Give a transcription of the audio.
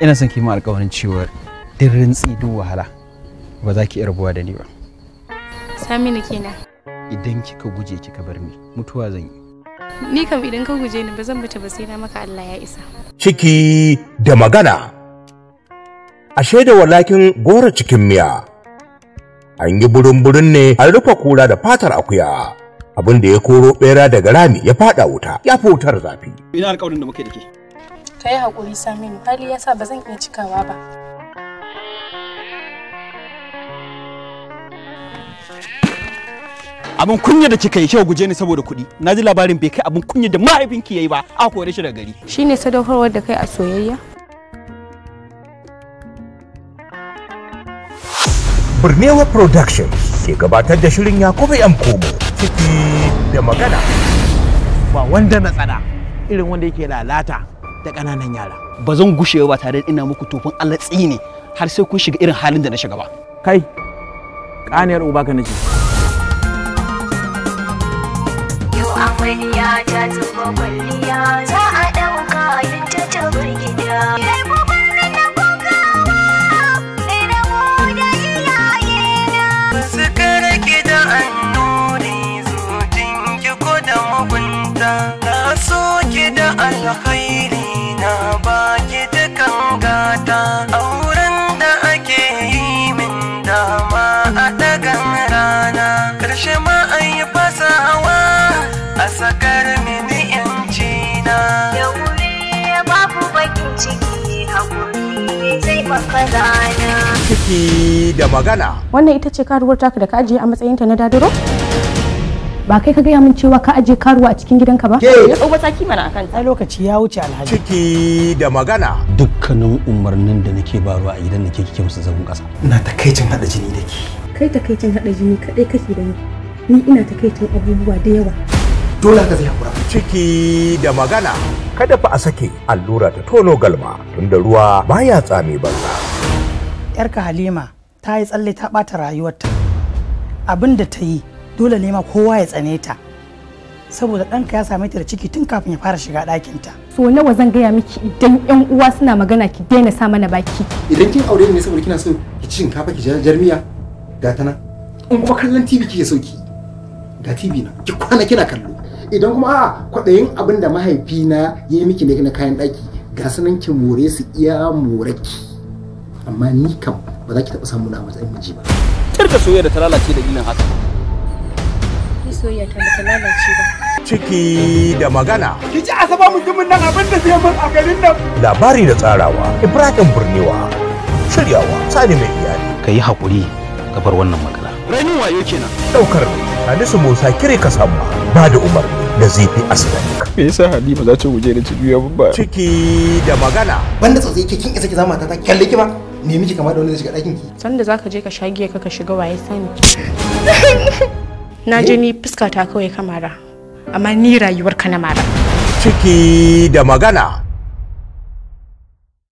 ina son kima alkawarin cewa duk rintsi duk wahala ba za ki iya rabuwa da ni ba saminu kenan idan kika guje kika bar ni mutuwa zan yi ni kam idan ka guje ni ba zan bata ba sai na maka Allah ya isa ciki da magana ashe da walakin gora cikin miya an yi burin-burin ne an rufe kura da fatar akuya abin da ya koro bera daga rami ya fada wuta ya fotar zafi ina alƙawarin da muke da ka yi haƙuri saminu hali yasa ba zan iya cikawa ba abin kunya da kika yi kyau guje ni saboda kuɗi na ji labarin bai kai abin kunya da mahaifinki ya yi ba a kore shi da gari shine sadaukarwar da kai a soyayya Burnewa Productions ke gabatar da shirin Yakubu M. Komo ciki da magana. Ba wanda na tsada irin wanda yake lalata. da ƙananan yara ba zan gushe ba tare da ina muku tofin alatsi ne har sai kun shiga irin halin da na shiga ba kai ƙaniyar uba ka nace yau amarya ta zuba kwalliya za a ɗauka yin ta gida yi fasawa a sakar mini yanci na da wuri babu bakin ciki hakuri zai baka rana ciki da magana wannan ita ce karuwar taka da ka ajiye a matsayinta na dadiro ba kai ka gaya min cewa ka aje karuwa a cikin gidanka ba? Ke ya ɗau mataki mana akan ta. lokaci ya wuce alhaji. Ciki da magana. Dukkanin umarnin da nake barwa a gidan nake kike musu zagon ƙasa. Ina takaicin haɗa jini da ke. Kai takaicin haɗa jini kaɗai kake da ni. ni ina takaitin abubuwa da yawa dole ka zai hakura ciki da magana kada fa a sake allura ta tono galma tunda ruwa baya tsame banza yarka halima ta yi tsalle ta bata rayuwarta abin da ta yi dole ne ma kowa ya tsane ta saboda ɗanka ya same ta da ciki tun kafin ya fara shiga ɗakinta. so nawa zan gaya miki idan yan uwa suna magana ki daina sa mana baki idan kin aure ne saboda kina so ki cin shinkafa, ki jarmiya ga ta nan in kuma kallon tv kike so ki ga tv na ki kwana kina kallo idan kuma a kwaɗayin abin da mahaifina ya yi miki ne na kayan daki ga sanan ki more su iya moraki amma ni kam ba za ki taɓa samu na matsayin miji ba kirka soyayya da ta lalace da ginin haka ki soyayya ta ta lalace ba ciki da magana ki ji asaba mutumin nan abin da zai mun a garin nan labari da tsarawa ibrahim burnewa shiryawa sani mai iyali ka yi haƙuri ka bar wannan magana rainuwa wayo kenan ɗaukar ne su Musa kire ka samu ba da Umar da zai fi asirin. Me yasa Halima za ta guje da yawan ba? Ciki da magana. Banda tsotsi ke kin isa ki zama ta kalle ki ba? Ne miki kama da wani zai shiga ɗakin ki. san da zaka je ka shagiya ka ka shiga waye sani. Na je ni fuska ta kawai kamara. Amma ni rayuwar ka na mara. Ciki da magana.